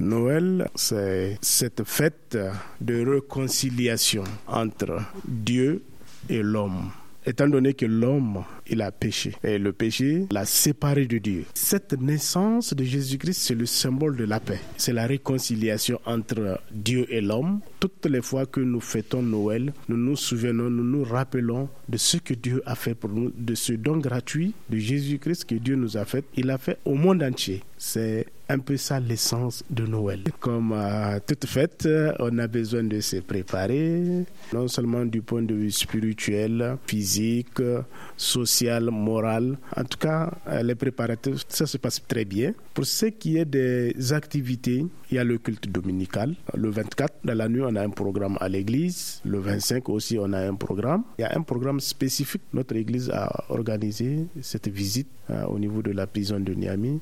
Noël, c'est cette fête de réconciliation entre Dieu et l'homme. Étant donné que l'homme, il a péché, et le péché l'a séparé de Dieu. Cette naissance de Jésus-Christ, c'est le symbole de la paix. C'est la réconciliation entre Dieu et l'homme. Toutes les fois que nous fêtons Noël, nous nous souvenons, nous nous rappelons de ce que Dieu a fait pour nous, de ce don gratuit de Jésus-Christ que Dieu nous a fait. Il a fait au monde entier. C'est un peu ça l'essence de Noël. Comme à toute fête, on a besoin de se préparer, non seulement du point de vue spirituel, physique, social, moral. En tout cas, euh, les préparatifs, ça se passe très bien. Pour ce qui est des activités, il y a le culte dominical. Le 24, dans la nuit, on a un programme à l'église. Le 25 aussi, on a un programme. Il y a un programme spécifique. Notre église a organisé cette visite euh, au niveau de la prison de Niamey